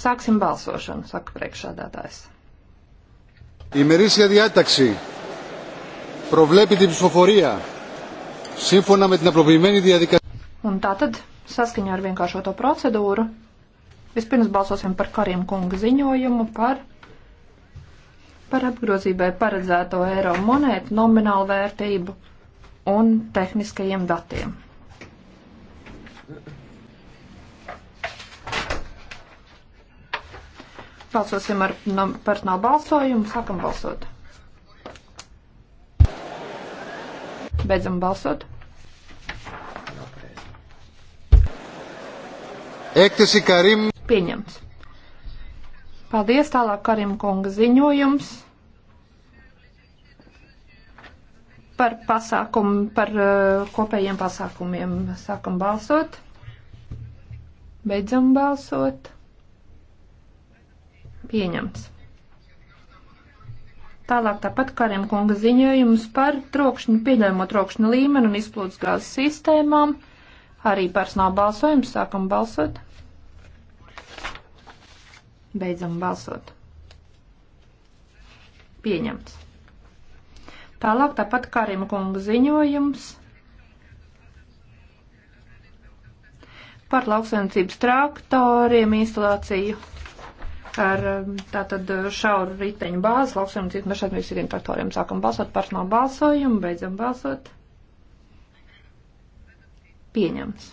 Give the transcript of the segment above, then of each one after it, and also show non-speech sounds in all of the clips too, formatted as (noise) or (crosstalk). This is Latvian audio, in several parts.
Sāksim balsošanu, saka priekšādātājs. Η μερίσια διάταξη προβλέπει την ψηφοφορία σύμφωνα με την απλοποιημένη διαδικασία. Un tātad, saskaņā ar vienkāršoto procedūru, vispirms balsosim par Karim kunga ziņojumu par, par apgrozībai paredzēto eiro monētu nominālu vērtību un tehniskajiem datiem. Balsosim ar personālu balsojumu. Sākam balsot. Beidzam balsot. Ektusi Karim. Pieņemts. Paldies, tālāk Karim kunga ziņojums par pasākumu, par uh, kopējiem pasākumiem. Sākam balsot. Beidzam balsot. Pieņemts. Tālāk tāpat Kariem kunga ziņojums par trokšņu, pieļaujamo trokšņu līmeni un izplūdes gāzes sistēmām. Arī personāla balsojums. Sākam balsot. Beidzam balsot. Pieņemts. Tālāk tāpat Kariem kunga ziņojums par lauksaimniecības traktoriem instalāciju ar um, tātad uh, šauru riteņu bāzi, lauksaimniecības mešatnieks ir traktoriem. Sākam balsot personāla balsojumu, beidzam balsot. Pieņems.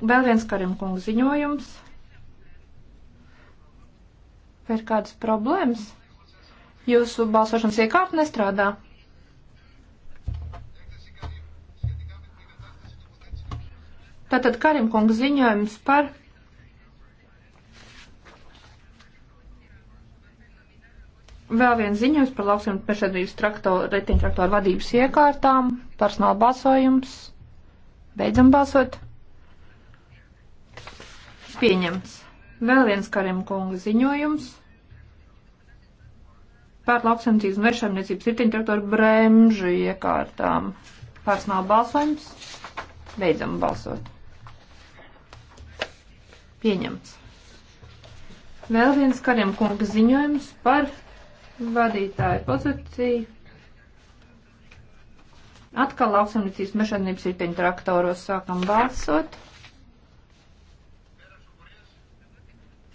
Vēl viens Karim kungs ziņojums. Vai ir kādas problēmas? Jūsu balsošanas iekārta nestrādā. Tātad Karim kungs ziņojums par Vēl viens ziņojums par lauksiem pešadības riteņtraktoru vadības iekārtām. Personāla balsojums. Beidzam balsot. Pieņemts. Vēl viens Karim kunga ziņojums par lauksaimniecības un vēršaimniecības riteņtraktoru bremžu iekārtām. Personāla balsojums. Beidzam balsot. Pieņemts. Vēl viens Karim kunga ziņojums par vadītāja pozīcija. Atkal lauksamniecības mešanības īpeņu traktoros sākam balsot.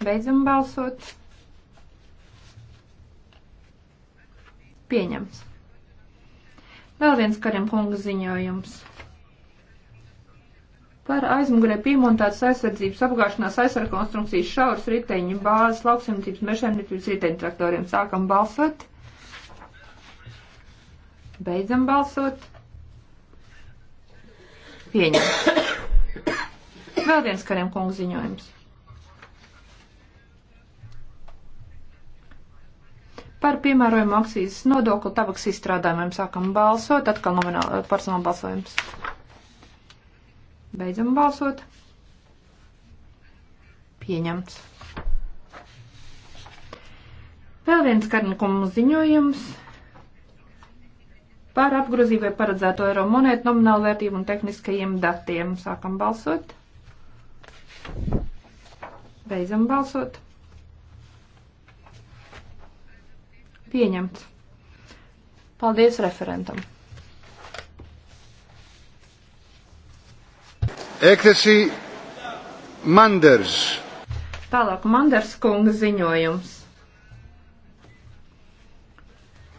Beidzam balsot. Pieņems. Vēl viens Karim kunga ziņojums par aizmugurē piemontētas aizsardzības apgāšanās aizsarkonstrukcijas šauras riteņu bāzes lauksimtības mežēmniecības riteņu traktoriem. Sākam balsot. Beidzam balsot. Pieņem. Vēl viens kariem kungu ziņojums. Par piemērojumu akcijas nodokli tabaks izstrādājumiem sākam balsot, atkal nomināli personāla balsojums. Beidzam balsot. Pieņemts. Vēl viens karnikumu ziņojums par apgrozībai paredzēto eiro monētu nominālu vērtību un tehniskajiem datiem. Sākam balsot. Beidzam balsot. Pieņemts. Paldies referentam. Έκθεση Manders. Tālāk Manders kunga ziņojums.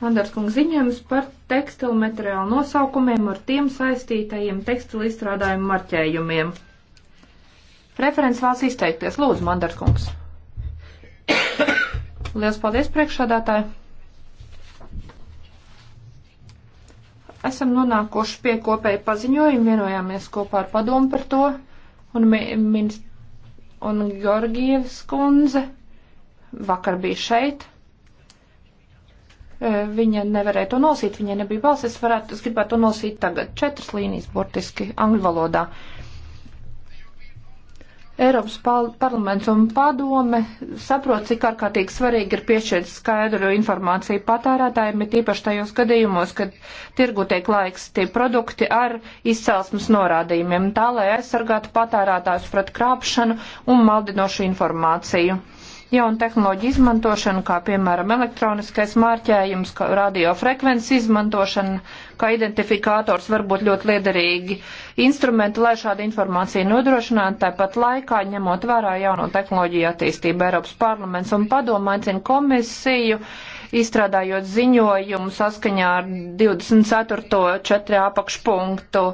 Manders kunga ziņojums par tekstilu materiālu nosaukumiem ar tiem saistītajiem tekstilu izstrādājumu marķējumiem. Referents vēlas izteikties. Lūdzu, Manders kungs. (coughs) Lielas paldies priekšādātāji. esam nonākuši pie kopēja paziņojuma, vienojāmies kopā ar padomu par to, un, min, un Georgievs kundze vakar bija šeit. E, viņa nevarēja to nosīt, viņa nebija balss, es, varētu, es gribētu to nosīt tagad. Četras līnijas burtiski angļu valodā. Uh, Eiropas parlaments un padome saprot, cik ārkārtīgi svarīgi ir piešķirt skaidru informāciju patērētājiem, ir tīpaši tajos gadījumos, kad tirgu tiek laiks tie produkti ar izcelsmes norādījumiem, tā lai aizsargātu patērētājus pret krāpšanu un maldinošu informāciju jaunu tehnoloģiju izmantošanu, kā piemēram elektroniskais mārķējums, radiofrekvences izmantošana, kā identifikators var būt ļoti liederīgi instrumenti, lai šādu informāciju nodrošinātu. Tāpat laikā, ņemot vērā jauno tehnoloģiju attīstību, Eiropas parlaments un padomu aicina komisiju izstrādājot ziņojumu saskaņā ar 24.4. apakšpunktu.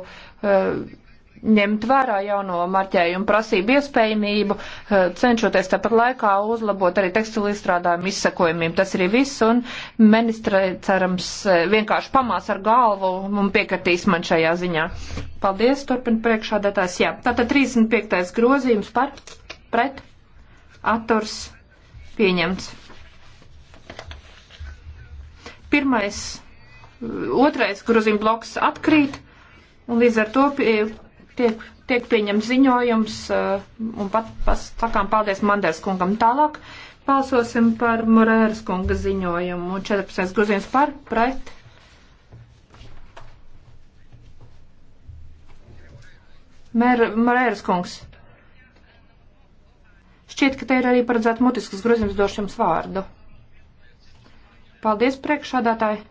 Uh, ņemt vērā jauno marķējumu prasību iespējamību, eh, cenšoties tāpat laikā uzlabot arī tekstilu izstrādājumu izsekojumiem. Tas arī viss, un ministra cerams eh, vienkārši pamās ar galvu un piekritīs man šajā ziņā. Paldies, turpin priekšādētājs. Jā, tātad 35. grozījums par pret atturs pieņemts. Pirmais, eh, otrais grozījuma bloks atkrīt, un līdz ar to pie, tiek, tiek pieņemts ziņojums uh, un pat pasakām paldies Manders kungam tālāk. Balsosim par Morēras kunga ziņojumu. 14. grozījums par, pret. Mēr, Morēras kungs. Šķiet, ka te ir arī paredzēts mutiskas grozījums došu jums vārdu. Paldies, priekšādātāji.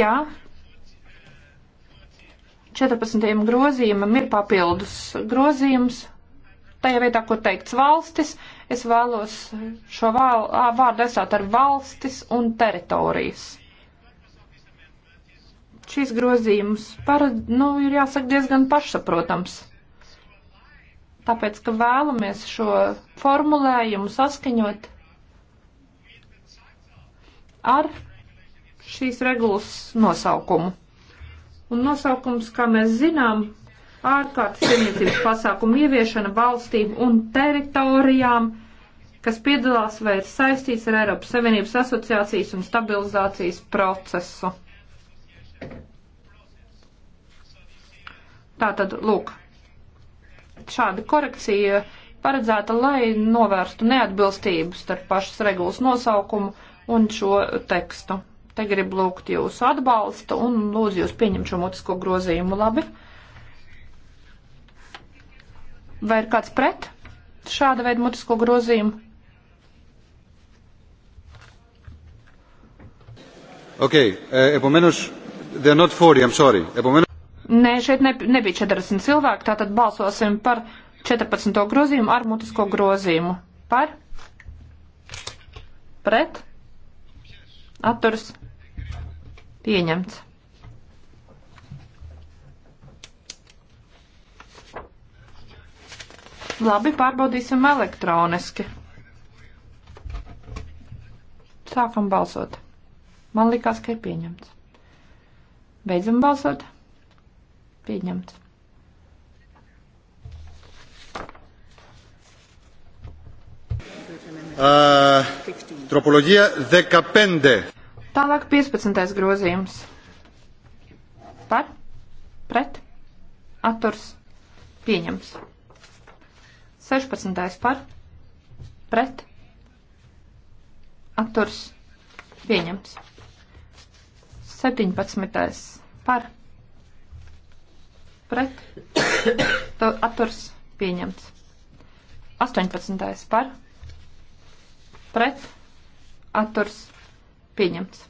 Jā, 14. grozījumam ir papildus grozījums. Tajā vietā, kur teikts valstis, es vēlos šo vāl, vārdu aizstāt ar valstis un teritorijas. Šīs grozījums par, nu, ir jāsaka diezgan pašsaprotams. Tāpēc, ka vēlamies šo formulējumu saskaņot ar šīs regulas nosaukumu. Un nosaukums, kā mēs zinām, ārkārtas tirdzniecības pasākumu ieviešana valstīm un teritorijām, kas piedalās vai ir saistīts ar Eiropas Savienības asociācijas un stabilizācijas procesu. Tātad, lūk, šāda korekcija paredzēta, lai novērstu neatbilstību starp pašas regulas nosaukumu un šo tekstu. Te gribu lūgt jūsu atbalstu un lūdzu jūs pieņemt šo mutisko grozījumu labi. Vai ir kāds pret šāda veida mutisko grozījumu? Okay, epomenos, eh, e they're not 40, I'm sorry. Epomenos... Nē, šeit ne, nebija 40 cilvēku, tātad balsosim par 14. grozījumu ar mutisko grozījumu. Par? Pret? Atturs? Pieņemts. Labi, pārbaudīsim elektroniski. Sākam balsot. Man likās, ka ir pieņemts. Beidzam balsot. Pieņemts. Uh, tropoloģija 15. Tālāk 15. grozījums. Par, pret, atturs, pieņems. 16. par, pret, atturs, pieņems. 17. par, pret, atturs, pieņemts. 18. par, pret, atturs, pieņems Pieņemts.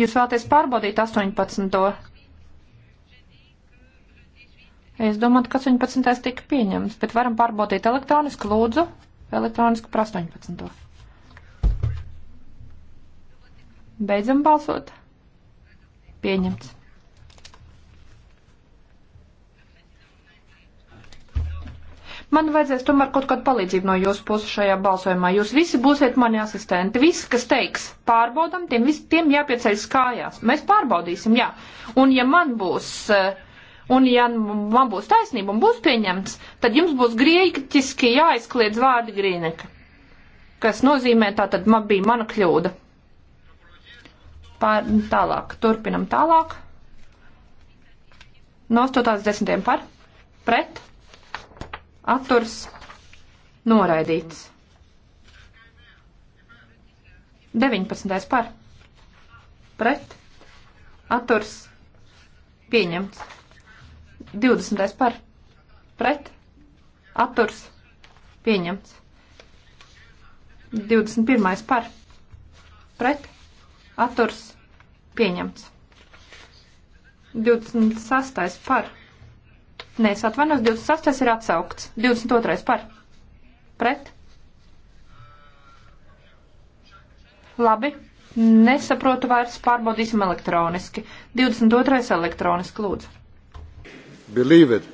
Jūs vēlaties pārbaudīt 18. Es domāju, ka 18. tika pieņemts, bet varam pārbaudīt elektroniski, lūdzu, elektroniski par 18. Beidzam balsot. Pieņemts. Man vajadzēs tomēr kaut kādu palīdzību no jūsu puses šajā balsojumā. Jūs visi būsiet mani asistenti. Visi, kas teiks, pārbaudam, tiem visiem jāpieceļas kājās. Mēs pārbaudīsim, jā. Un ja man būs. Uh, Un, ja man būs taisnība un būs pieņemts, tad jums būs grieķiski jāizkliedz vārdi grīneka, kas nozīmē tā tad man bija mana kļūda. Pār, tālāk, turpinam tālāk. No 8.10. par, pret, atturs noraidīts. 19. par pret atturs pieņemts. 20. par pret atturs pieņemts. 21. par pret atturs pieņemts. 26. par pret Nē, es atvainos, 26. ir atsaukts. 22. par. Pret. Labi. Nesaprotu vairs, pārbaudīsim elektroniski. 22. elektroniski lūdzu. Believe it.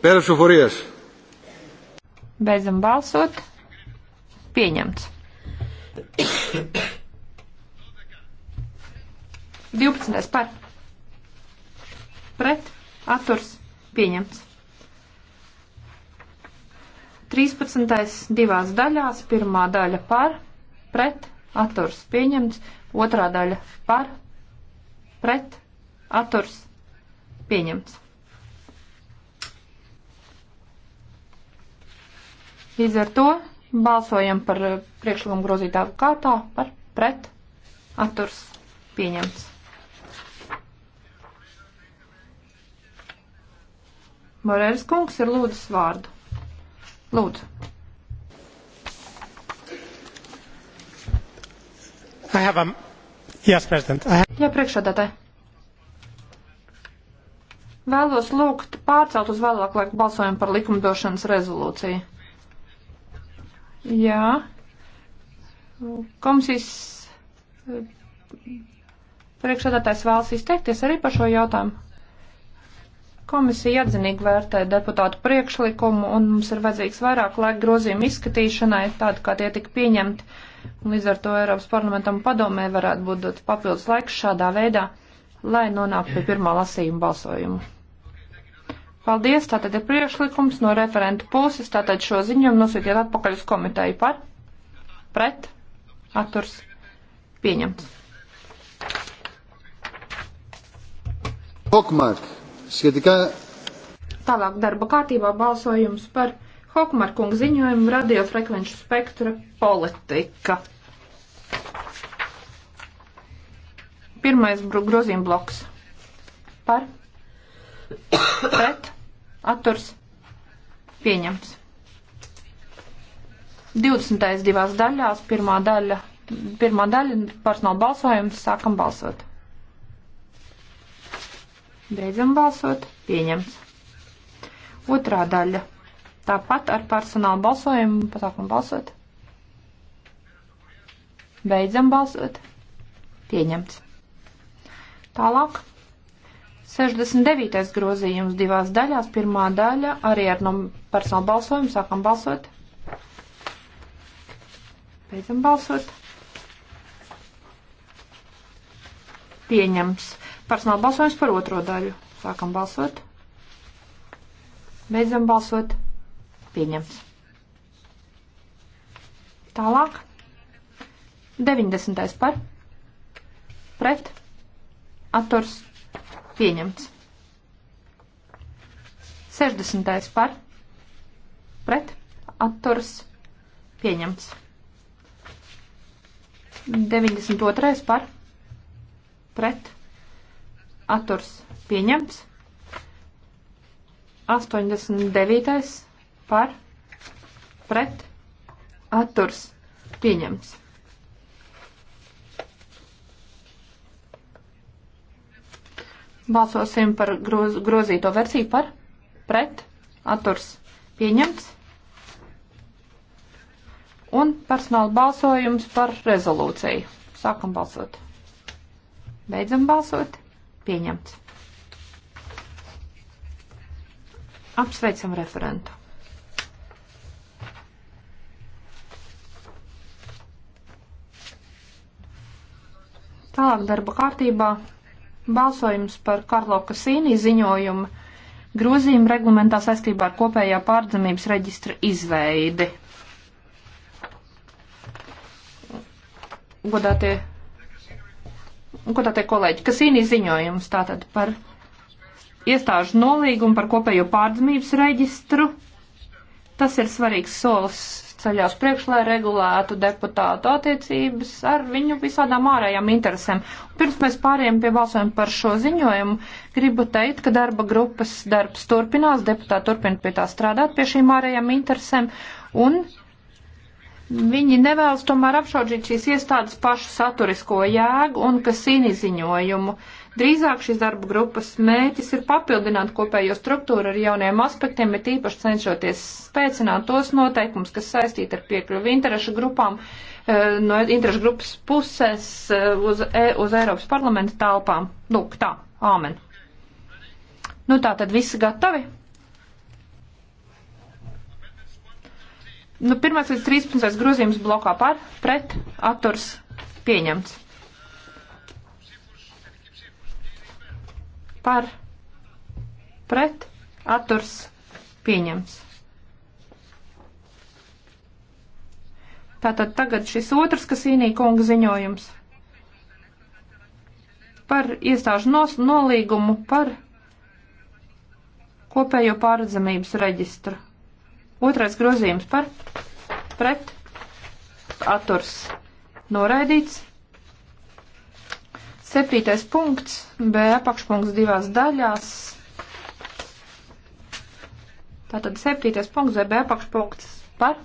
Pērašu forijas. Beidzam balsot. Pieņemts. 12. par. Pret. Atturs Pieņemts. 13. divās daļās, pirmā daļa par, pret, atturs pieņemts, otrā daļa par, pret, atturs pieņemts. Līdz ar to balsojam par eh, priekšlikumu grozītāju kārtā par pret atturs pieņemts. Morēras kungs ir lūdzis vārdu. Lūdzu. I have a... Yes, President. I have... Jā, priekšādātāji. Vēlos lūgt pārcelt uz vēlāku laiku balsojumu par likumdošanas rezolūciju. Jā. Komisijas eh, priekšādātājs vēlas izteikties arī par šo jautājumu. Komisija atzinīgi vērtē deputātu priekšlikumu, un mums ir vajadzīgs vairāk laika grozījumu izskatīšanai, tādu kā tie tika pieņemti. Līdz ar to Eiropas parlamentam padomē varētu būt dots papildus laiks šādā veidā, lai nonāktu pie pirmā lasījuma balsojuma. Paldies, tātad ir priekšlikums no referentu puses, tātad šo ziņojumu nosūtiet atpakaļ uz komiteju par, pret, atturs, pieņemts. Hokmark. Sietikā. Tālāk darba kārtībā balsojums par Hokmarkunga ziņojumu radiofrekvenču spektra politika. Pirmais grozījuma bloks. Par. Pret. Atturs. Pieņemts. 20. divās daļās. Pirmā daļa. Pirmā daļa personāla balsojums. Sākam balsot. Beidzam balsot. Pieņemts. Otrā daļa. Tāpat ar personālu balsojumu pasākumu balsot. Beidzam balsot. Pieņemts. Tālāk. 69. grozījums divās daļās. Pirmā daļa arī ar no personālu balsojumu sākam balsot. Beidzam balsot. Pieņems. Personāla balsojums par otro daļu. Sākam balsot. Beidzam balsot. Pieņemts. Tālāk. 90. par. Pret. Atturs. Pieņemts. 60. par. Pret. Atturs. Pieņemts. 92. par pret atturs pieņemts. 89. par pret atturs pieņemts. Balsosim par groz, grozīto versiju par pret atturs pieņemts. Un personāla balsojums par rezolūciju. Sākam balsot. Beidzam balsot. Pieņemts. Apsveicam referentu. Tālāk darba kārtībā balsojums par Karlo Kasīnī ziņojumu grozījumu reglamentā saistībā ar kopējā pārdzemības reģistra izveidi. Godātie un ko tā teikt kolēģi, Kasīnī ziņojums tātad par iestāžu nolīgumu par kopējo pārdzimības reģistru. Tas ir svarīgs solis ceļā uz priekšu, lai regulētu deputātu attiecības ar viņu visādām ārējām interesēm. Pirms mēs pārējām pie balsojuma par šo ziņojumu, gribu teikt, ka darba grupas darbs turpinās, deputāti turpina pie tā strādāt pie šīm ārējām interesēm un Viņi nevēlas tomēr apšaudīt šīs iestādes pašu saturisko jēgu un kasīni ziņojumu. Drīzāk šīs darba grupas mēķis ir papildināt kopējo struktūru ar jauniem aspektiem, bet īpaši cenšoties spēcināt tos noteikumus, kas saistīti ar piekļuvi interešu grupām eh, no interešu grupas puses eh, uz, e, uz Eiropas parlamenta telpām. Lūk, tā, āmen. Nu tā tad visi gatavi? Nu, 1 līdz 13 grozījums blokā par, pret, atturs pieņemts. Par, pret, atturs pieņemts. Tātad tagad šis otrs kasīnī kunga ziņojums par iestāžu nos, nolīgumu par kopējo pārredzamības reģistru. Otrais grozījums par pret atturs noraidīts. Septītais punkts, B apakšpunkts divās daļās. Tātad septītais punkts, B apakšpunkts par,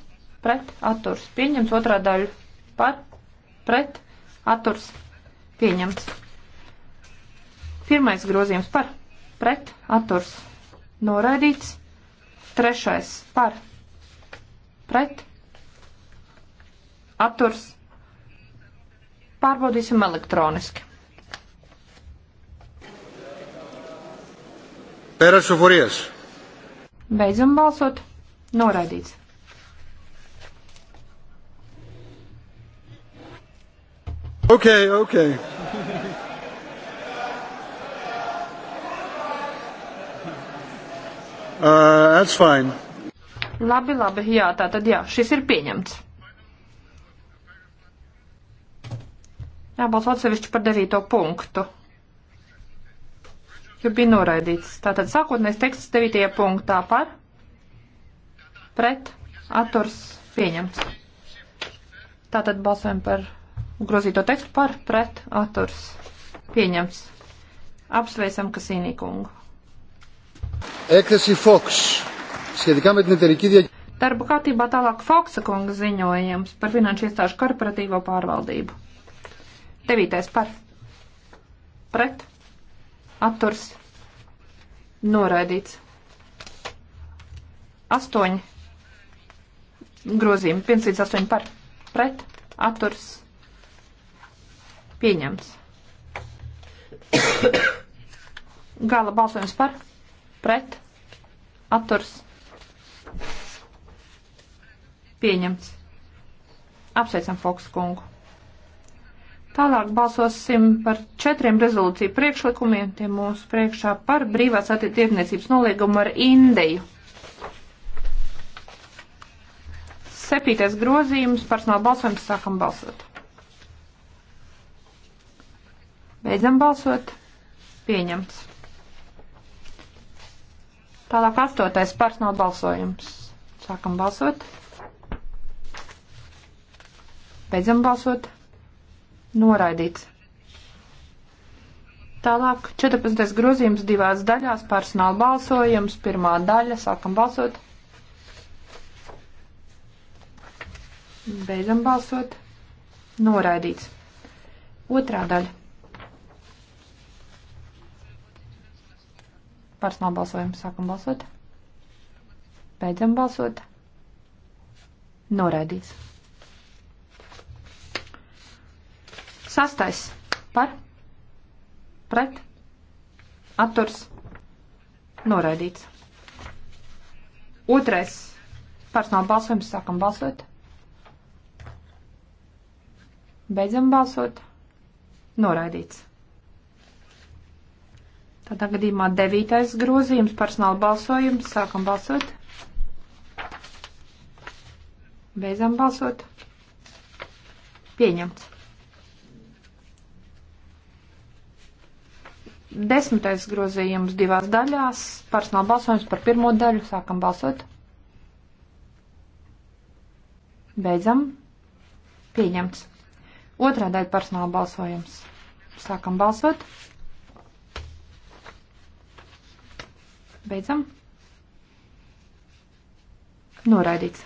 pret, atturs. Pieņemts otrā daļa par, pret, atturs. Pieņemts. Pirmais grozījums par, pret, atturs. Noraidīts. Trešais par, pret, atturs, pārbaudīsim elektroniski. Pēras ufuries. Beidzam balsot. Noraidīts. Ok, ok. Uh, that's fine. Labi, labi, jā, tā tad jā, šis ir pieņemts. Jābalso atsevišķi par devīto punktu, jo bija noraidīts. Tātad sākotnēs teksts devītajā punktā par, pret, atturs, pieņemts. Tātad balsojam par grozīto tekstu par, pret, atturs, pieņemts. Apsveicam Kasīnī kungu. Ekasi Foks. Darba kārtībā tālāk Fauksa kunga ziņojums par finanšu iestāžu korporatīvo pārvaldību. Devītais par. Pret. Atturs. Noraidīts. Astoņi. Grozījumi. 5 līdz 8 par. Pret. Atturs. Pieņemts. (coughs) Gala balsojums par. Pret. Atturs Pieņemts. Apsveicam Foksu kungu. Tālāk balsosim par četriem rezolūciju priekšlikumiem, tie mūsu priekšā par brīvās attiecības noliegumu ar Indiju. Septītais grozījums, personāla balsojums, sākam balsot. Beidzam balsot. Pieņemts. Tālāk astotais personāla balsojums. Sākam balsot. Beidzam balsot. Noraidīts. Tālāk 14. grozījums divās daļās personāla balsojums. Pirmā daļa. Sākam balsot. Beidzam balsot. Noraidīts. Otrā daļa. Personāla balsojums. Sākam balsot. Beidzam balsot. Noraidīts. Sastais par pret atturs noraidīts. Otrais personāla balsojums sākam balsot. Beidzam balsot. Noraidīts. Tādā gadījumā devītais grozījums personāla balsojums sākam balsot. Beidzam balsot. Pieņemts. Desmitais grozījums divās daļās. Personāla balsojums par pirmo daļu. Sākam balsot. Beidzam. Pieņemts. Otrā daļa personāla balsojums. Sākam balsot. Beidzam. Noraidīts.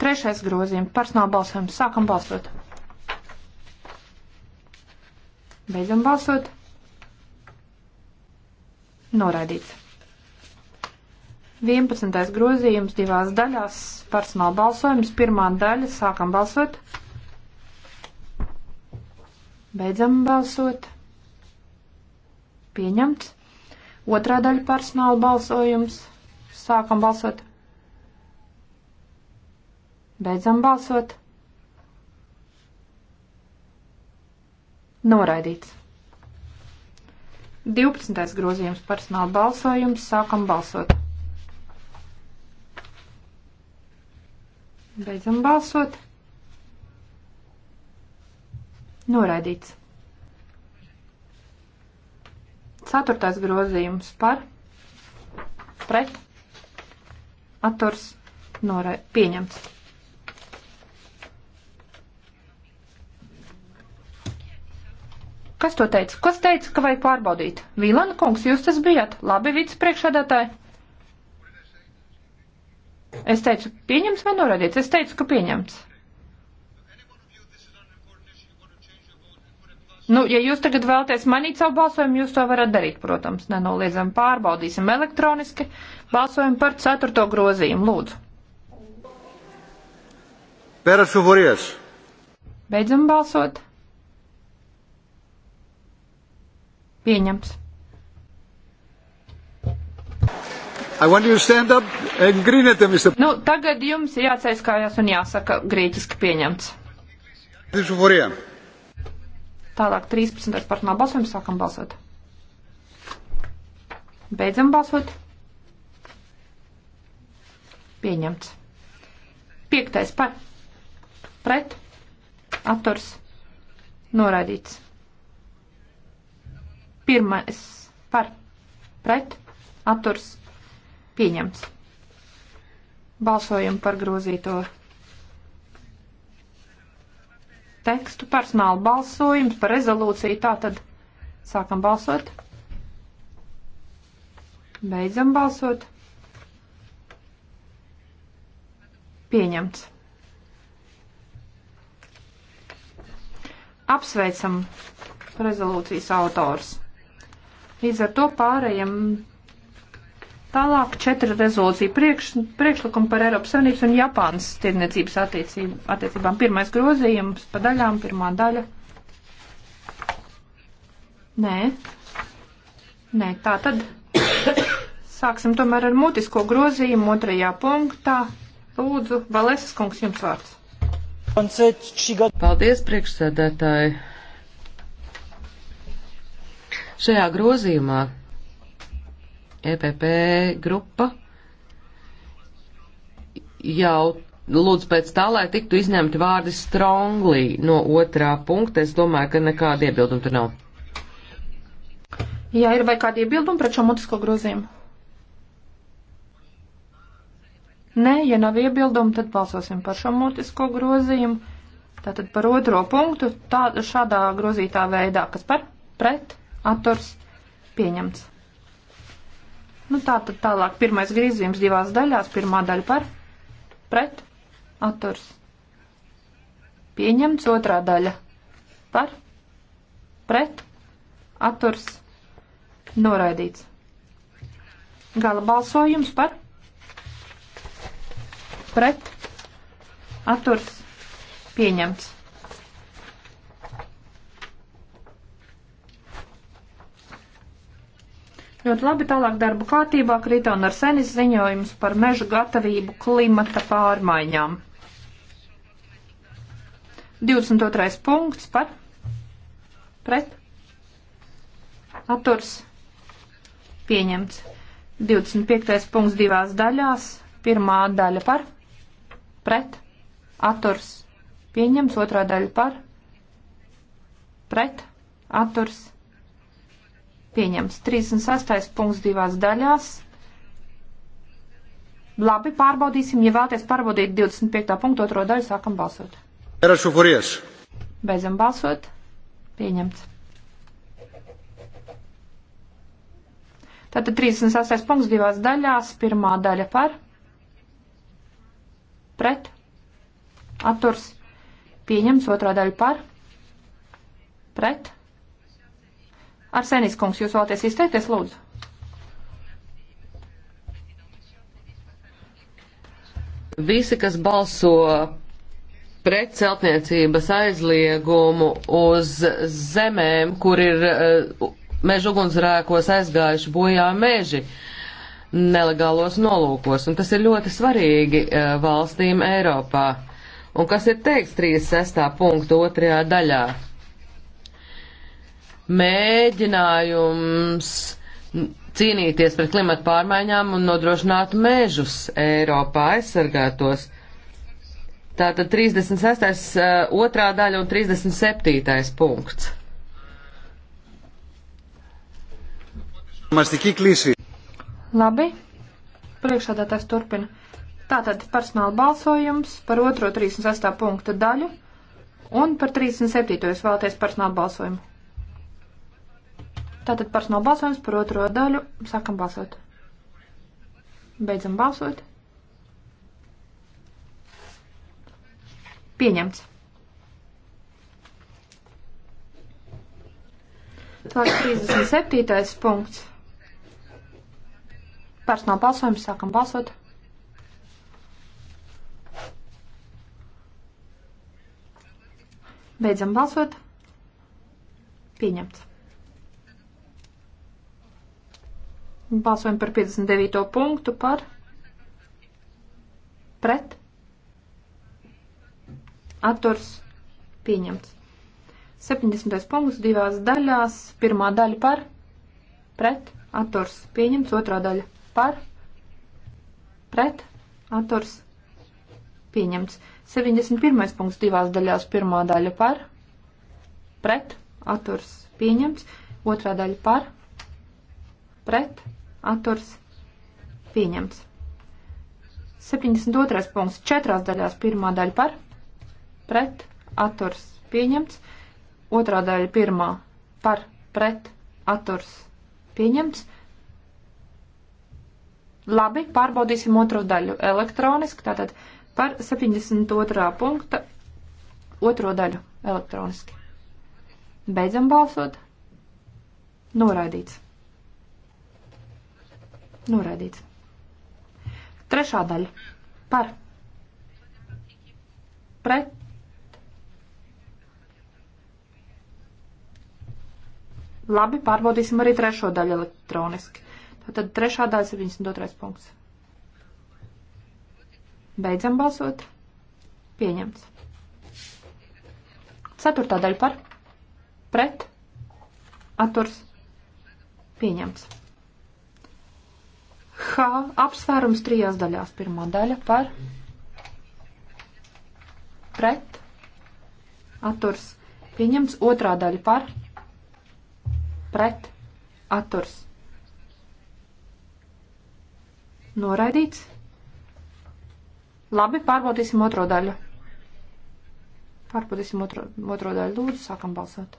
Trešais grozījums. Personāla balsojums. Sākam balsot. Beidzam balsot. Noraidīts. 11. grozījums divās daļās personāla balsojums. Pirmā daļa sākam balsot. Beidzam balsot. Pieņemts. Otrā daļa personāla balsojums. Sākam balsot. Beidzam balsot. Noraidīts. 12. grozījums personāla balsojums. Sākam balsot. Beidzam balsot. Noraidīts. 4. grozījums par pret atturs norai pieņemts. Kas to teica? Kas teica, ka vajag pārbaudīt? Vīlana kungs, jūs tas bijat? Labi, vicepriekšādātāji. Es teicu, pieņems vai norādīts? Es teicu, ka pieņems. Nu, ja jūs tagad vēlaties mainīt savu balsojumu, jūs to varat darīt, protams, nenoliedzami pārbaudīsim elektroniski. Balsojumu par ceturto grozījumu, lūdzu. Pēras Uvuries. Beidzam balsot. Pieņems. Grinete, nu, tagad jums ir jāceļ kājās un jāsaka grieķiski pieņemts. Tālāk 13. personāla balsojums sākam balsot. Beidzam balsot. Pieņemts. Piektais par. Pret. Atturs. Noraidīts. Pirmais par pret atturs pieņemts. Balsojam par grozīto tekstu, personāla balsojums par rezolūciju. Tātad sākam balsot. Beidzam balsot. Pieņemts. Apsveicam rezolūcijas autors. Līdz ar to pārējiem tālāk četri rezolūcija priekš, priekšlikumi par Eiropas Savienības un Japānas tirdzniecības attiecībām. Pirmais grozījums pa daļām, pirmā daļa. Nē. Nē, tā tad sāksim tomēr ar mutisko grozījumu otrajā punktā. Lūdzu, Valēsas kungs, jums vārds. Paldies, priekšsēdētāji. Šajā grozījumā EPP grupa jau lūdz pēc tā, lai tiktu izņemti vārdi strongly no otrā punkta. Es domāju, ka nekāda iebilduma tur nav. Jā, ir vai kādi iebildumi pret šo mutisko grozījumu? Nē, ja nav iebildumu, tad balsosim par šo mutisko grozījumu. Tātad par otro punktu tā, šādā grozītā veidā, kas par pret atturs pieņemts. Nu tā tad tālāk pirmais grīzījums divās daļās, pirmā daļa par, pret, atturs pieņemts, otrā daļa par, pret, atturs noraidīts. Gala balsojums par, pret, atturs pieņemts. Ļoti labi tālāk darba kārtībā krita un ar senis ziņojums par mežu gatavību klimata pārmaiņām. 22. punkts par pret atturs pieņemts. 25. punkts divās daļās. Pirmā daļa par pret atturs pieņemts, otrā daļa par pret atturs pieņemts Pieņemts. 36. punkts divās daļās. Labi, pārbaudīsim, ja vēlaties pārbaudīt 25. punktu otro daļu, sākam balsot. Erašu furies. Beidzam balsot. Pieņemts. Tātad 36. punkts divās daļās. Pirmā daļa par. Pret. Atturs. Pieņemts. Otrā daļa par. Pret. Arsenis kungs, jūs vēlaties izteikties, lūdzu? Visi, kas balso pret celtniecības aizliegumu uz zemēm, kur ir uh, meža ugunsrēkos aizgājuši bojā meži nelegālos nolūkos, un tas ir ļoti svarīgi uh, valstīm Eiropā. Un kas ir teiks 36. punktu otrajā daļā? mēģinājums cīnīties pret klimatu pārmaiņām un nodrošināt mežus Eiropā aizsargātos. Tātad 36. Eh, otrā daļa un 37. punkts. Labi, priekšādātājs turpina. Tātad personāla balsojums par otro 36. punktu daļu un par 37. jūs vēlaties personāla balsojumu. Tātad personāla balsojums par otro daļu. Sākam balsot. Beidzam balsot. Pieņemts. Tālāk 37. punkts. Personāla balsojums. Sākam balsot. Beidzam balsot. Pieņemts. Balsojam par 59. punktu par pret atturs pieņemts. 70. punkts divās daļās. Pirmā daļa par pret atturs pieņemts. Otrā daļa par pret atturs pieņemts. 71. punkts divās daļās. Pirmā daļa par pret atturs pieņemts. Otrā daļa par pret atturs pieņemts atturs pieņemts. 72. punkts četrās daļās pirmā daļa par, pret, atturs pieņemts, otrā daļa pirmā par, pret, atturs pieņemts. Labi, pārbaudīsim otro daļu elektroniski, tātad par 72. punkta otro daļu elektroniski. Beidzam balsot. Noraidīts. Noraidīts. Trešā daļa. Par. Pret. Labi, pārbaudīsim arī trešo daļu elektroniski. Tātad trešā daļa 72. punkts. Beidzam balsot. Pieņemts. Ceturtā daļa par. Pret. Atturs. Pieņemts. H apsvērums trijās daļās. Pirmā daļa par pret atturs pieņemts, otrā daļa par pret atturs noraidīts. Labi, pārbaudīsim otro daļu. Pārbaudīsim otro, otro daļu. Lūdzu, sākam balsot.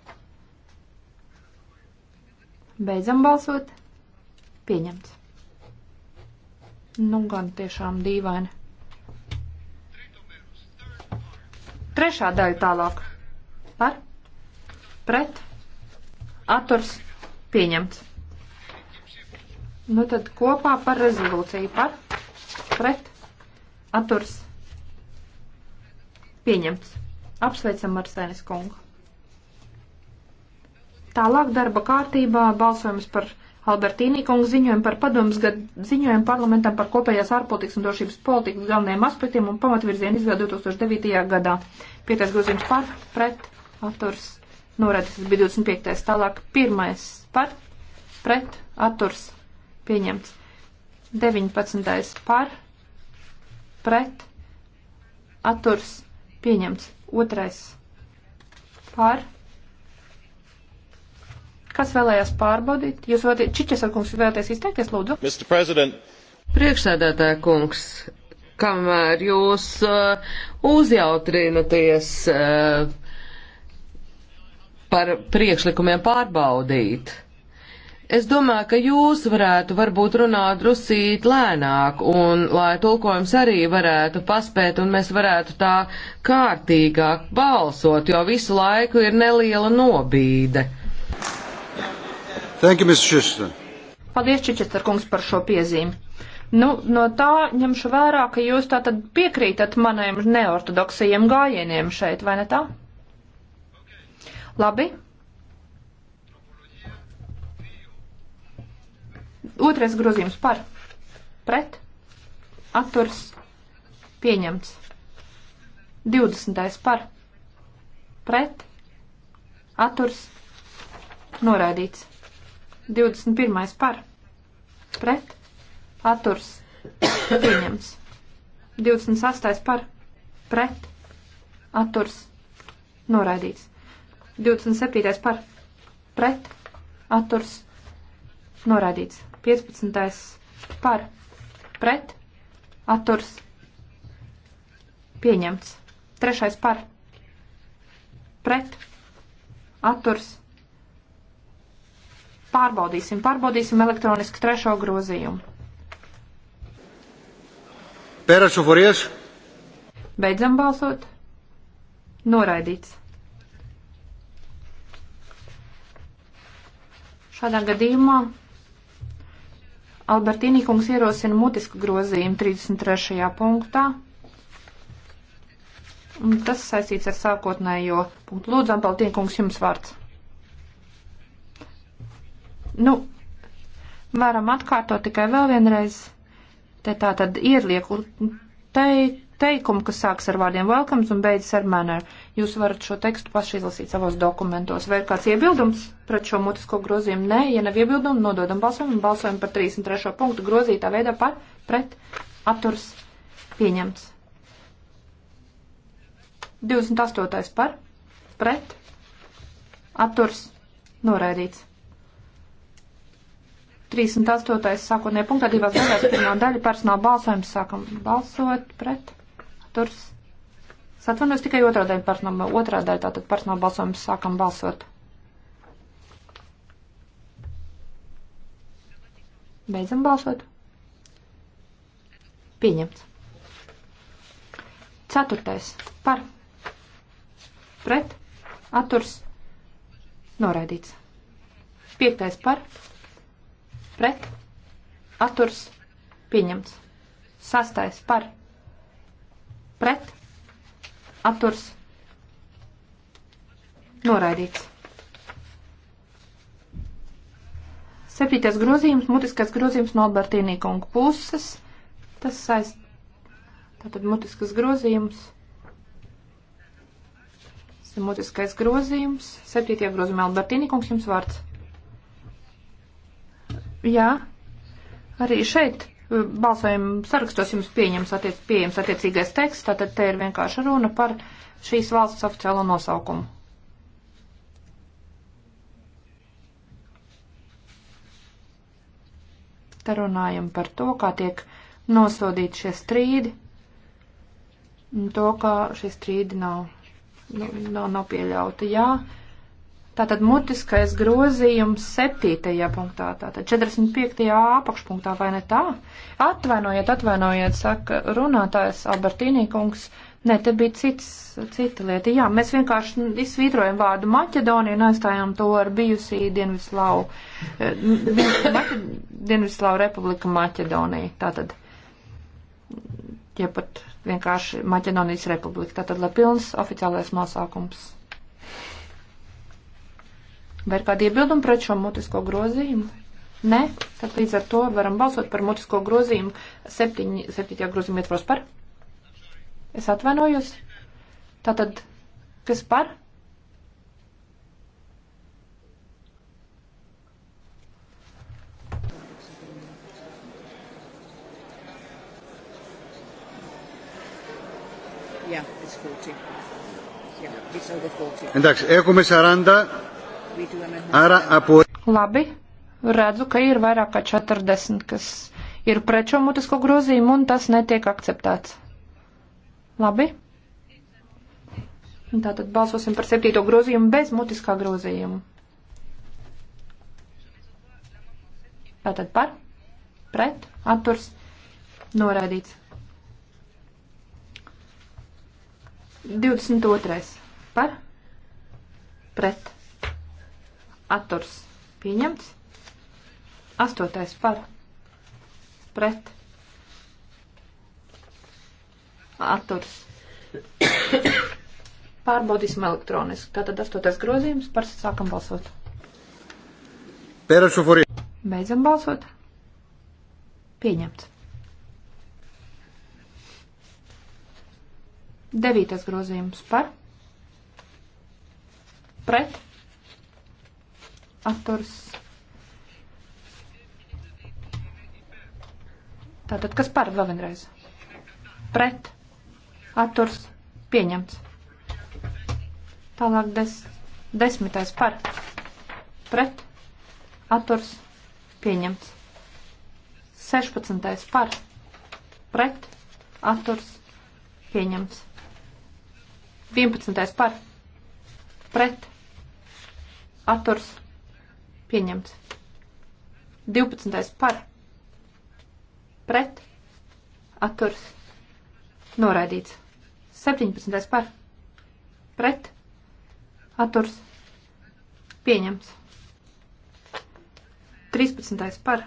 Beidzam balsot. Pieņemts. Nu, gan tiešām dīvaini. Trešā daļa tālāk. Par? Pret? Atturs? Pieņemts. Nu tad kopā par rezolūciju. Par? Pret? Atturs? Pieņemts. Apsveicam Arsēnis kungu. Tālāk darba kārtībā balsojums par Albertīnī kungs ziņojumu par padomus gadu ziņojumu parlamentam par kopējās ārpolitikas un drošības politikas galvenajiem aspektiem un pamatvirzienu izvēlu 2009. gadā. Pietais grozījums par, pret, atturs, norētas bija 25. tālāk, pirmais par, pret, atturs, pieņemts. 19. par, pret, atturs, pieņemts. Otrais par, pret Kas vēlējās pārbaudīt? Jūs vēlaties, Čičesar kungs, vēlaties izteikties, lūdzu? Priekšsēdētāja kungs, kamēr jūs uh, uzjautrinaties uh, par priekšlikumiem pārbaudīt. Es domāju, ka jūs varētu varbūt runāt drusīt lēnāk, un lai tulkojums arī varētu paspēt, un mēs varētu tā kārtīgāk balsot, jo visu laiku ir neliela nobīde. Thank you, Mr. Chichester. Paldies, Čičester kungs, par šo piezīmi. Nu, no tā ņemšu vērā, ka jūs tā tad piekrītat maniem neortodoksajiem gājieniem šeit, vai ne tā? Labi. Otrais grozījums par. Pret. Atturs. Pieņemts. 20. par. Pret. Atturs. Noraidīts. 21. par pret atturs pieņems. 28. par pret atturs noraidīts. 27. par pret atturs noraidīts. 15. par pret atturs pieņemts. 3. par pret atturs noraidīts. Pārbaudīsim, pārbaudīsim elektroniski trešo grozījumu. Pēras ufuries. Beidzam balsot. Noraidīts. Šādā gadījumā Albertīnī kungs ierosina mutisku grozījumu 33. punktā. Un tas saistīts ar sākotnējo punktu. Lūdzam, Paltīnī kungs, jums vārds. Nu, varam atkārtot tikai vēl vienreiz. Te tā tad ielieku te, teikumu, kas sāks ar vārdiem welcomes un beidzas ar manner. Jūs varat šo tekstu paši izlasīt savos dokumentos. Vai ir kāds iebildums pret šo mutisko grozījumu? Nē, ja nav iebildumu, nododam balsojumu un balsojumu par 33. punktu grozītā veidā par pret atturs pieņemts. 28. par pret atturs noraidīts. 38. sākotnē punktā divās daļās pirmā daļa personāla balsojums sākam balsot pret. Turs. Satvainojos tikai otrā daļa personāla, otrā daļa tātad personāla balsojums sākam balsot. Beidzam balsot. Pieņemts. Ceturtais. Par. Pret. Atturs. Noraidīts. Piektais par pret, atturs, pieņemts. Sastais par, pret, atturs, noraidīts. Septītais grozījums, mutiskais grozījums no Albertīnī kunga puses. Tas saist, tātad mutiskas grozījums. Mutiskais grozījums. Septītajā grozījumā Albertīnī kungs jums vārds. Jā, arī šeit uh, balsojumu sarakstos jums pieņems attiec, pieejams attiecīgais teksts, tātad te ir vienkārši runa par šīs valsts oficiālo nosaukumu. Te runājam par to, kā tiek nosodīti šie strīdi, un to, kā šie strīdi nav, nu, nav, nav pieļauti. Jā, Tātad mutiskais grozījums 7. punktā, tātad 45. apakšpunktā, vai ne tā? Atvainojiet, atvainojiet, saka runātājs Albertīnī kungs. Nē, te bija cits, cita lieta. Jā, mēs vienkārši izsvītrojam vārdu Maķedonija un aizstājām to ar bijusī Dienvislavu, eh, Dienvislavu republika Maķedonija. Tātad, ja pat vienkārši Maķedonijas republika, tātad, lai pilns oficiālais nosākums. Vai ir kādi iebildumi pret šo mutisko grozījumu? Nē, tad līdz ar to varam balsot par mutisko grozījumu 7. grozījuma ietvaros par. Es atvainojos. Tātad, kas par? Yeah, it's 40. Yeah, it's over 40. Εντάξει, έχουμε 40 Ara, apo... Labi, redzu, ka ir vairāk kā 40, kas ir pret šo mutisko grozījumu, un tas netiek akceptēts. Labi. Un tātad balsosim par septīto grozījumu bez mutiskā grozījuma. Tātad par, pret, atturs, noraidīts. 22. par, pret, atturs pieņemts. Astotais par pret atturs. Pārbaudīsim elektroniski. Tātad astotais grozījums par sākam balsot. Pērašu furī. Beidzam balsot. Pieņemts. Devītais grozījums par pret atturs. Tātad, kas par vēl vienreiz? Pret, atturs, pieņemts. Tālāk des, desmitais par, pret, atturs, pieņemts. 16. par, pret, atturs, pieņemts. 11. par, pret, atturs, pieņemts. Pieņemts. 12. par. Pret. Atturs. Noraidīts. 17. par. Pret. Atturs. Pieņemts. 13. par.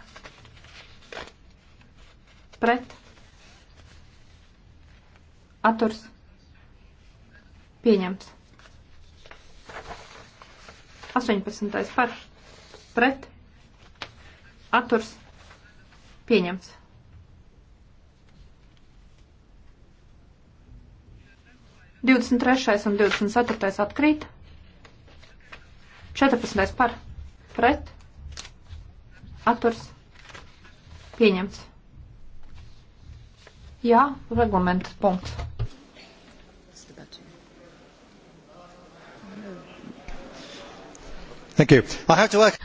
Pret. Atturs. Pieņemts. 18. par pret, atturs, pieņemts. Divdesmit trešais un divdesmit ceturtais atkrīt. Četrpadsmitais par, pret, atturs, pieņemts. Jā, reglamenta punkts. Thank you. I have to work.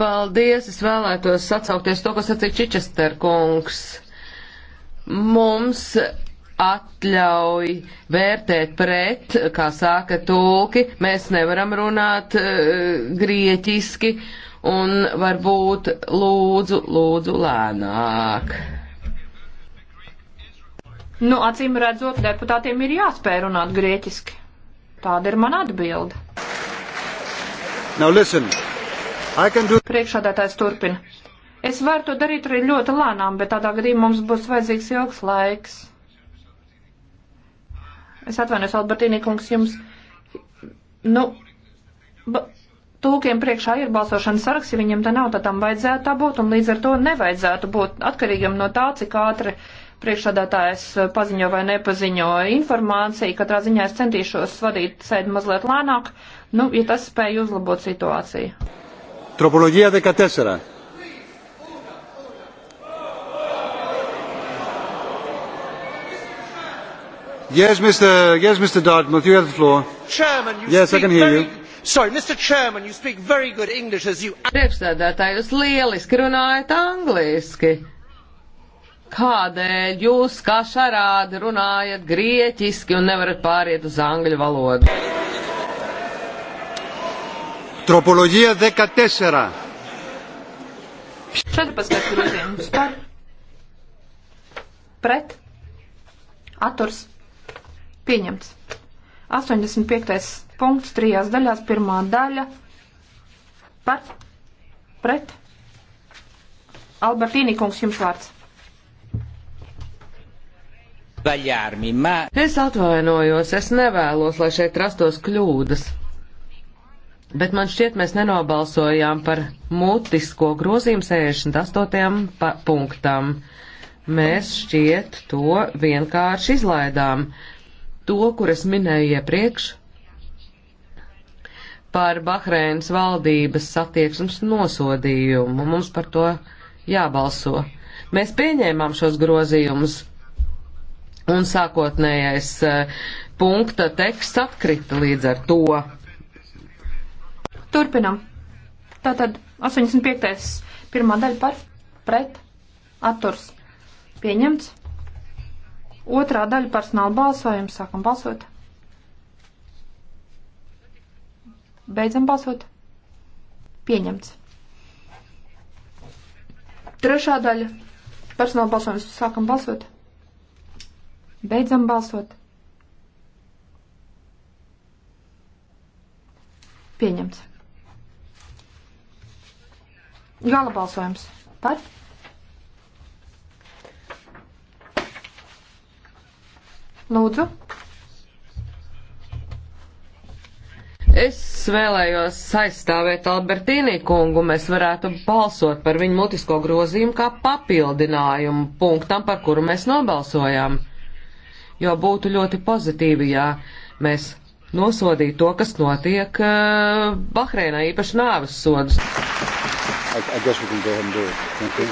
Paldies, es vēlētos atsaukties to, ko sacīja Čičester kungs. Mums atļauj vērtēt pret, kā sāka tulki, mēs nevaram runāt uh, grieķiski un varbūt lūdzu, lūdzu lēnāk. Nu, acīm redzot, deputātiem ir jāspēj runāt grieķiski. Tāda ir mana atbilde. Now listen. Do... Priekšādātājs turpina. Es varu to darīt arī ļoti lēnām, bet tādā gadījumā mums būs vajadzīgs ilgs laiks. Es atvainojos, Albertīnī kungs, jums. Nu, ba, tūkiem priekšā ir balsošanas saraksts, ja viņiem tā nav, tad tam vajadzētu tā būt, un līdz ar to nevajadzētu būt atkarīgam no tā, cik ātri priekšsādātājs paziņo vai nepaziņo informāciju. Katrā ziņā es centīšos vadīt sēdi mazliet lēnāk, nu, ja tas spēja uzlabot situāciju. Τροπολογία 14. Yes, Mr. Yes, Mr. Dartmouth, you have the floor. Chairman, you yes, speak I can hear very, you. Sorry, Mr. Chairman, you speak very good English as you. Priekšsēdētāji, jūs lieliski runājat angliski. Kādēļ jūs kā šarādi runājat grieķiski un nevarat pāriet uz angļu valodu? Τροπολογία 14. 14 grozījums par, pret, aturs, pieņemts. 85. punkts trijās daļās, pirmā daļa par, pret, Albertīni kungs jums vārds. Es atvainojos, es nevēlos, lai šeit rastos kļūdas bet man šķiet, mēs nenobalsojām par mutisko grozījumu 68. punktam. Mēs šķiet to vienkārši izlaidām. To, kur es minēju iepriekš, par Bahreinas valdības satieksmes nosodījumu. Mums par to jābalso. Mēs pieņēmām šos grozījumus, un sākotnējais eh, punkta teksts atkrita līdz ar to. Turpinam. Tātad 85. pirmā daļa par pret atturs pieņemts. Otrā daļa personāla balsojuma. Sākam balsot. Beidzam balsot. Pieņemts. Trešā daļa personāla balsojums. Sākam balsot. Beidzam balsot. Pieņemts. Gala balsojums par. Lūdzu. Es vēlējos aizstāvēt Albertīnī kungu, mēs varētu balsot par viņu mutisko grozījumu kā papildinājumu punktam, par kuru mēs nobalsojām. Jo būtu ļoti pozitīvi, ja mēs nosodītu to, kas notiek uh, Bahreinā, īpaši nāves sodus. I, I guess we can go ahead and do it. Thank you.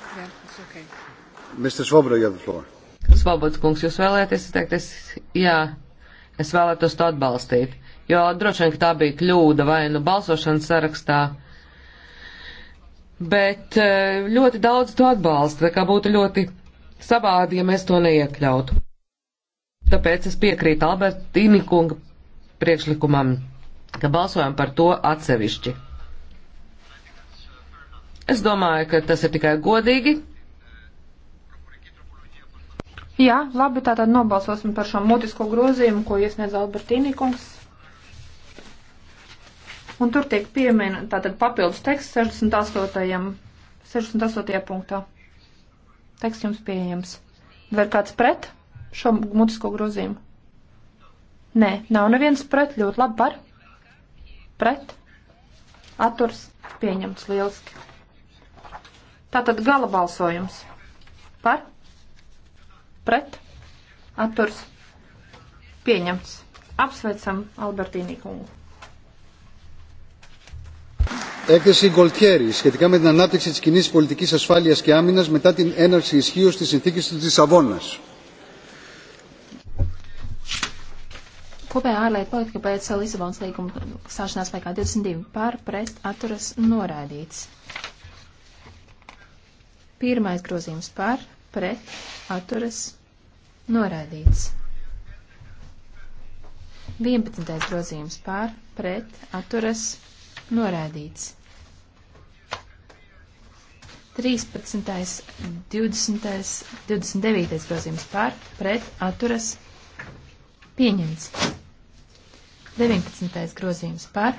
Uh, yeah, it's okay. Mr. Svoboda, you have the floor. Svobods kungs, jūs vēlēties teikt, es, jā, es vēlētos to atbalstīt, jo droši vien, ka tā bija kļūda vai nu balsošanas sarakstā, bet e, ļoti daudz to atbalsta, tā kā būtu ļoti savādi, ja mēs to neiekļautu. Tāpēc es piekrītu Albertīni kunga priekšlikumam ka balsojam par to atsevišķi. Es domāju, ka tas ir tikai godīgi. Jā, labi, tātad nobalsosim par šo mutisko grozījumu, ko iesniedz Albertīnī kungs. Un tur tiek piemin, tātad papildus teksts 68. 68. punktā. Teksts jums pieejams. Vai kāds pret šo mutisko grozījumu? Nē, nav neviens pret, ļoti labi par pret, atturs, pieņemts lieliski. Tātad gala balsojums par, pret, atturs, pieņemts. Apsveicam Albertīnī kungu. Έκθεση Γκολτιέρη σχετικά με την ανάπτυξη τη κοινή πολιτική ασφάλεια και άμυνα μετά την έναρξη ισχύω τη συνθήκη τη Λισαβόνα. Kopējā ārlietu politika pēc Lisabonas līguma stāšanās spēkā 22 pār pret atturas noraidīts. Pirmais grozījums par pret atturas noraidīts. 11. grozījums par pret atturas noraidīts. 13. 20. 29. grozījums par pret atturas pieņemts. 19. grozījums par,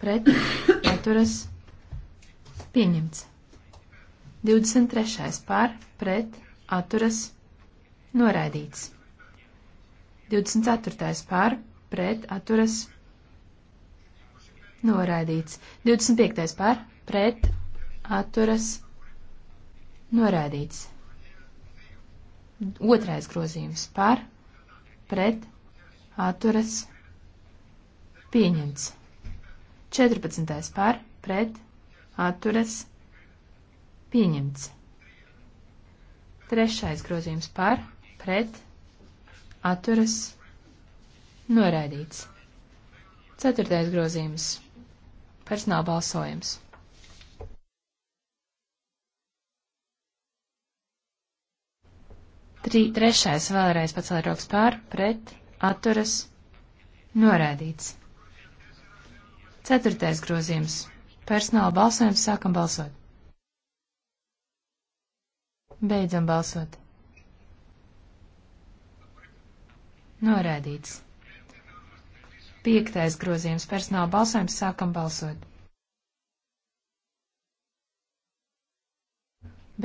pret, atturas, pieņemts. 23. par, pret, atturas, noraidīts. 24. par, pret, atturas, noraidīts. 25. par, pret, atturas, noraidīts. Otrais grozījums par, pret, atturas, noraidīts Pieņemts. 14. par, pret, atturas, pieņemts. Trešais grozījums par, pret, atturas, noraidīts. Ceturtais grozījums - personāla balsojums. Tri, trešais vēlreiz pacēla rokas pār, pret, atturas, noraidīts. Ceturtais grozījums. Personāla balsojums sākam balsot. Beidzam balsot. Norādīts. Piektais grozījums personāla balsojums sākam balsot.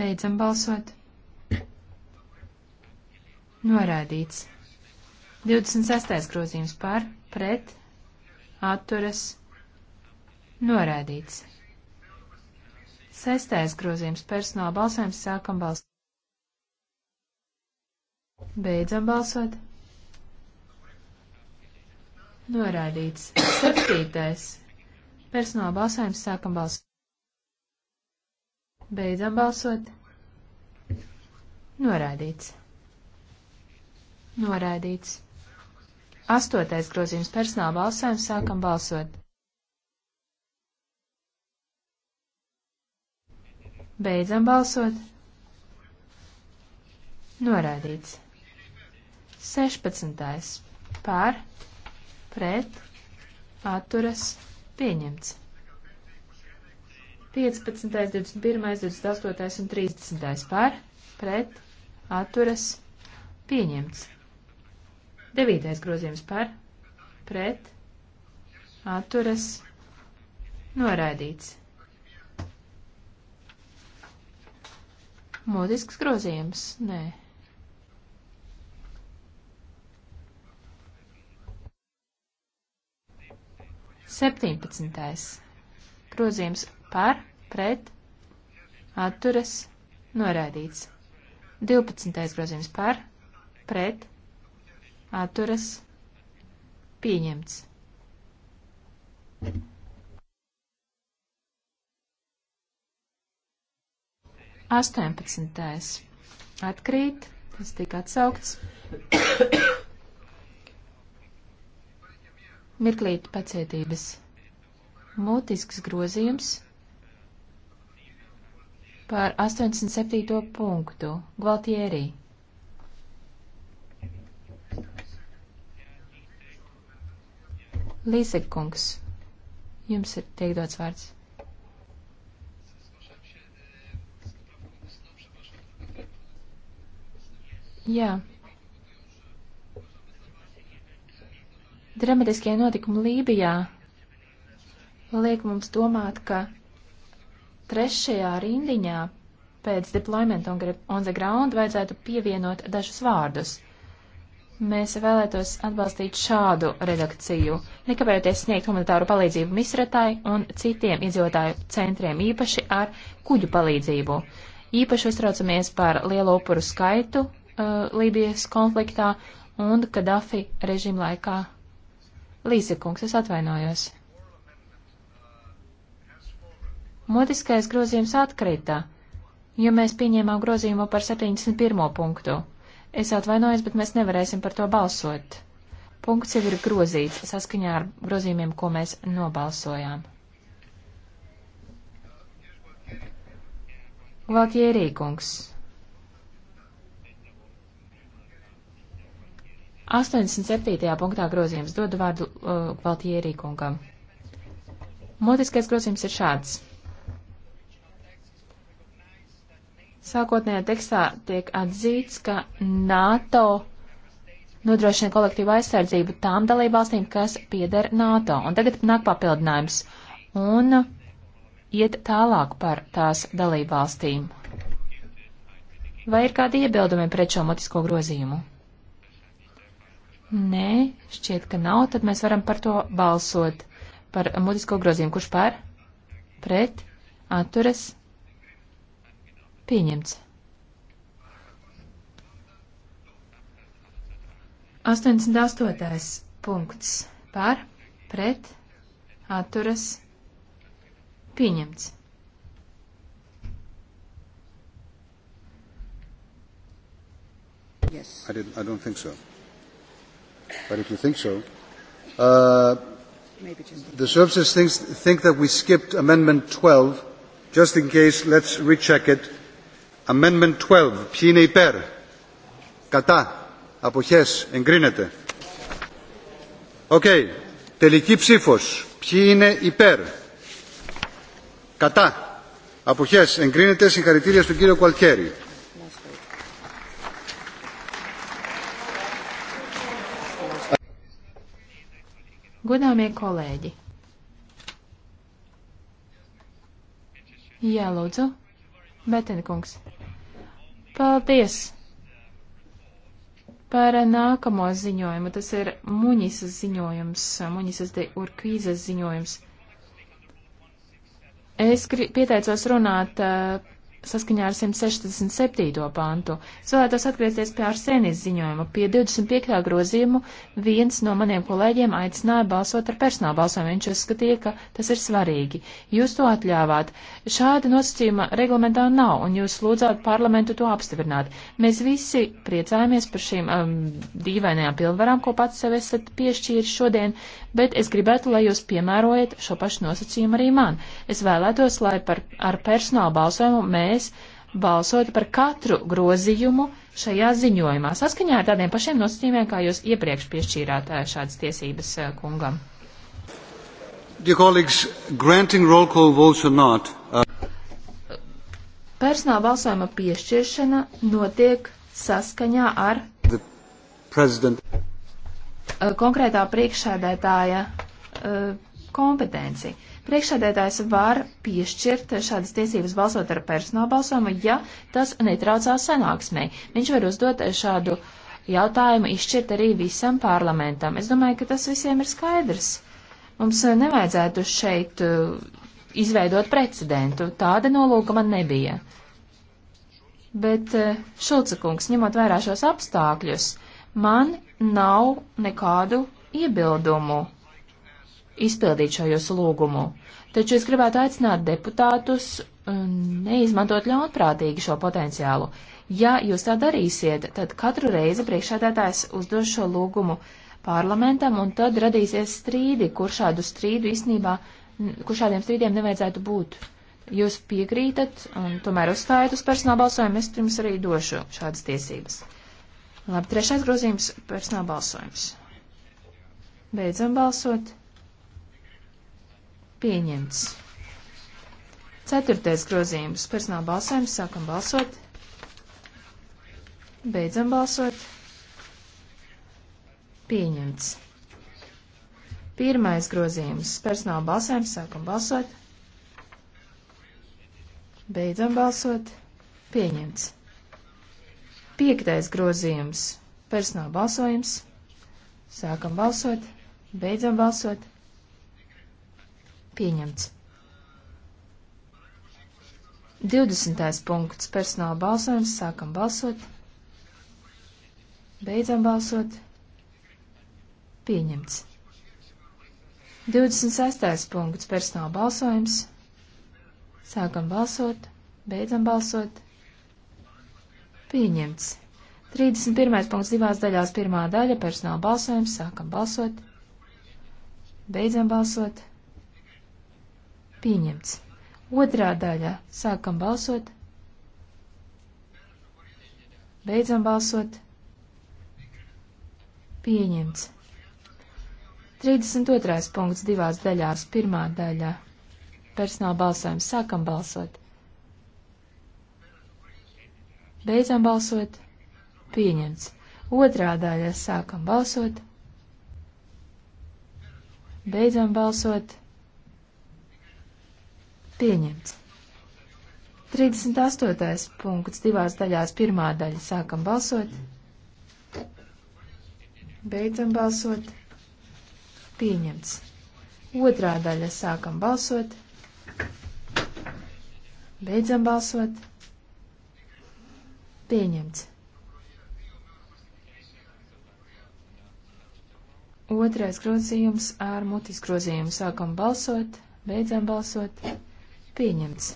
Beidzam balsot. Norādīts. 26. grozījums par, pret, atturas, Norēdīts. Sestais grozījums personāla balsojums sākam balsot. Beidzam balsot. Norādīts. Septītais. Personāla balsojums sākam balsot. Beidzam balsot. Norādīts. Norādīts. Astotais grozījums personāla balsojums sākam balsot. Beidzam balsot. Norādīts. 16. Pār, pret, atturas, pieņemts. 15., 21., 28. un 30. Pār, pret, atturas, pieņemts. 9. grozījums par, pret, atturas, noraidīts. Modisks grozījums? Nē. Septiņpadsmitais. Grozījums par, pret, atturas, noraidīts. Divpadsmitais grozījums par, pret, atturas, pieņemts. Thank you. 18. atkrīt, tas tika atsaukts. Mirklīt pacietības. Mūtisks grozījums par 87. punktu. Gvaltierī. Līsekungs, jums ir tiek dots vārds. Jā. Dramatiskie notikumi Lībijā liek mums domāt, ka trešajā rindiņā pēc deployment on the ground vajadzētu pievienot dažus vārdus. Mēs vēlētos atbalstīt šādu redakciju, nekavējoties sniegt humanitāru palīdzību misratai un citiem iedzīvotāju centriem, īpaši ar kuģu palīdzību. Īpaši uztraucamies par lielo upuru skaitu uh, Lībijas konfliktā un Kadafi režīma laikā. Līsekungs, es atvainojos. Modiskais grozījums atkrita, jo mēs pieņēmām grozījumu par 71. punktu. Es atvainojos, bet mēs nevarēsim par to balsot. Punkts jau ir grozīts saskaņā ar grozījumiem, ko mēs nobalsojām. Gvaltjērīkungs. 87. punktā grozījums dod vārdu uh, Valtierī kungam. Motiskais grozījums ir šāds. Sākotnējā tekstā tiek atzīts, ka NATO nodrošina kolektīvu aizsardzību tām dalībvalstīm, kas pieder NATO. Un tagad nāk papildinājums un iet tālāk par tās dalībvalstīm. Vai ir kādi iebildumi pret šo motisko grozījumu? Nē, šķiet, ka nav, tad mēs varam par to balsot. Par mutisko grozījumu. Kurš pār? Pret? Atturas? Pieņemts. 88. punkts. Pār? Pret? Atturas? Pieņemts. Yes. I, didn't, I don't think so but if you think so. Uh, the services thinks, think that we skipped Amendment 12. Just in case, let's recheck it. Amendment 12. Ποιοι είναι υπέρ. Κατά. Αποχές. Εγκρίνεται. Okay. Τελική ψήφος. Ποιοι είναι υπέρ. Κατά. Αποχές. Εγκρίνεται. Συγχαρητήρια στον κύριο Κουαλκέρη. Godāmie kolēģi! Jā, lūdzu, Betenkungs. Paldies par nākamo ziņojumu. Tas ir Muņisas ziņojums, Muņisas de Urkvīzes ziņojums. Es pieteicos runāt uh, saskaņā ar 167. pantu. Es vēlētos atgriezties pie Arsenis ziņojuma. Pie 25. grozījumu viens no maniem kolēģiem aicināja balsot ar personālu balsojumu. Viņš uzskatīja, ka tas ir svarīgi. Jūs to atļāvāt. Šāda nosacījuma reglamentā nav, un jūs lūdzāt parlamentu to apstiprināt. Mēs visi priecājamies par šīm um, dīvainajām pilnvarām, ko pats sev esat piešķīris šodien, bet es gribētu, lai jūs piemērojat šo pašu nosacījumu arī man. Es vēlētos, lai par, ar personālu balsojumu mēs mēs balsotu par katru grozījumu šajā ziņojumā, saskaņā ar tādiem pašiem nosacījumiem, kā jūs iepriekš piešķīrāt eh, šādas tiesības eh, kungam. Not, uh... Personāla balsojuma piešķiršana notiek saskaņā ar eh, konkrētā priekšsēdētāja uh, kompetenci. Priekšsēdētājs var piešķirt šādas tiesības balsot ar personālu balsojumu, ja tas netraucā sanāksmē. Viņš var uzdot šādu jautājumu izšķirt arī visam parlamentam. Es domāju, ka tas visiem ir skaidrs. Mums nevajadzētu šeit uh, izveidot precedentu. Tāda nolūka man nebija. Bet, uh, Šulca kungs, ņemot vērā šos apstākļus, man nav nekādu iebildumu izpildīt šo jūsu lūgumu. Taču es gribētu aicināt deputātus um, neizmantot ļaunprātīgi šo potenciālu. Ja jūs tā darīsiet, tad katru reizi priekšādātājs uzdos šo lūgumu parlamentam, un tad radīsies strīdi, kur šādu strīdu īstenībā, kur šādiem strīdiem nevajadzētu būt. Jūs piekrītat un tomēr uzstājat uz personāla balsojumu, es jums arī došu šādas tiesības. Labi, trešais grozījums - personāla balsojums. Beidzam balsot. Pieņemts. Ceturtais grozījums. Personāla balsojums. Sākam balsot. Beidzam balsot. Pieņemts. Pirmais grozījums. Personāla balsojums. Sākam balsot. Beidzam balsot. Pieņemts. Piektais grozījums. Personāla balsojums. Sākam balsot. Beidzam balsot. Pieņemts. 20. punkts. Personāla balsojums. Sākam balsot. Beidzam balsot. Pieņemts. 26. punkts. Personāla balsojums. Sākam balsot. Beidzam balsot. Pieņemts. 31. punkts divās daļās. Pirmā daļa - personāla balsojums. Sākam balsot. Beidzam balsot. Pieņemts. Otrā daļa. Sākam balsot. Beidzam balsot. Pieņemts. 32. punkts divās daļās. Pirmā daļā. Personāla balsojums. Sākam balsot. Beidzam balsot. Pieņemts. Otrā daļa. Sākam balsot. Beidzam balsot. Pieņemts. 38. punkts divās daļās. Pirmā daļa sākam balsot. Beidzam balsot. Pieņemts. Otrā daļa sākam balsot. Beidzam balsot. Pieņemts. Otrais grozījums ar mutis grozījumu sākam balsot. Beidzam balsot. Pieņemts.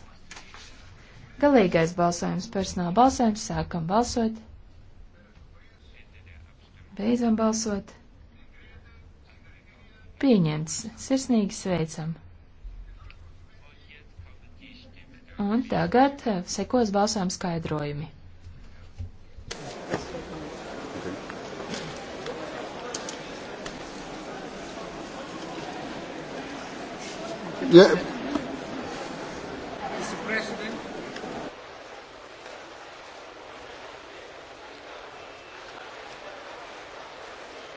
Galīgais balsojums personāla balsojums. Sākam balsot. Beidzam balsot. Pieņemts. Sirsnīgi sveicam. Un tagad eh, sekos balsām skaidrojumi. Yeah.